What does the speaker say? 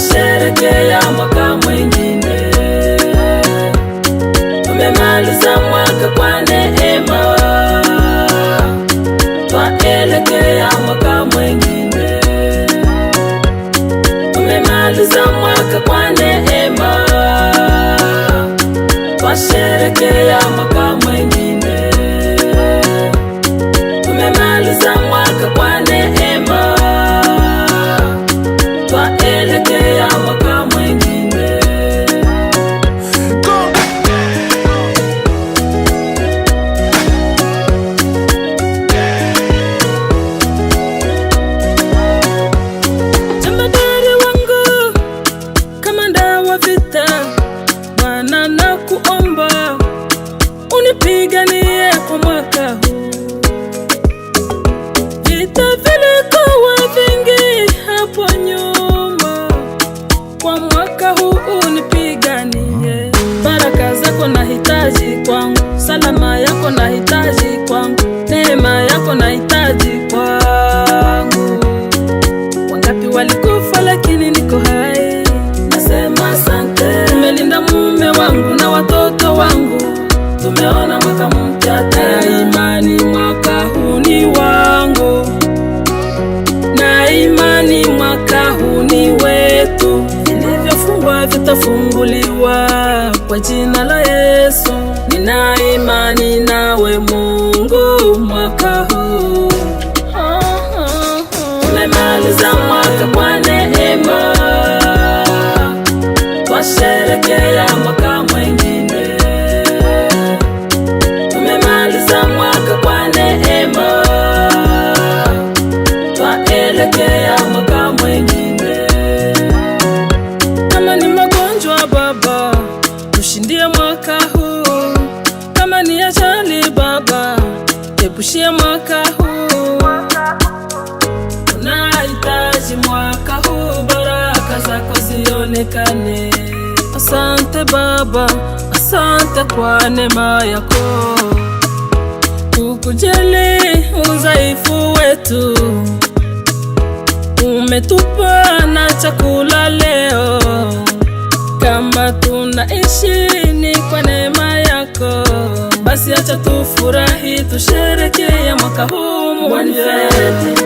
tunasherekea mwaka mwingine, tumemaliza mwaka kwa neema, twaelekea mwaka mwingine, tumemaliza mwaka kwa neema, twasherekea mwaka mwingine nipiganie kwa mwaka huu mwandani wetu, vilivyofungwa vitafunguliwa kwa jina la Yesu. Nina imani nawe Mungu mwaka huu. Tumemaliza mwaka kwa neema, twasherekea mwaka mwengine. Tumemaliza mwaka kwa neema, twaelekea mwaka Epushie mwaka huu, kama ni ajali Baba, epushie mwaka huu. Tunahitaji mwaka huu baraka zako zionekane. Asante Baba, asante kwa neema yako, ukujali udhaifu wetu, umetupa na chakula leo kama tunaishi basi acha tufurahi tusherekee mwaka huu.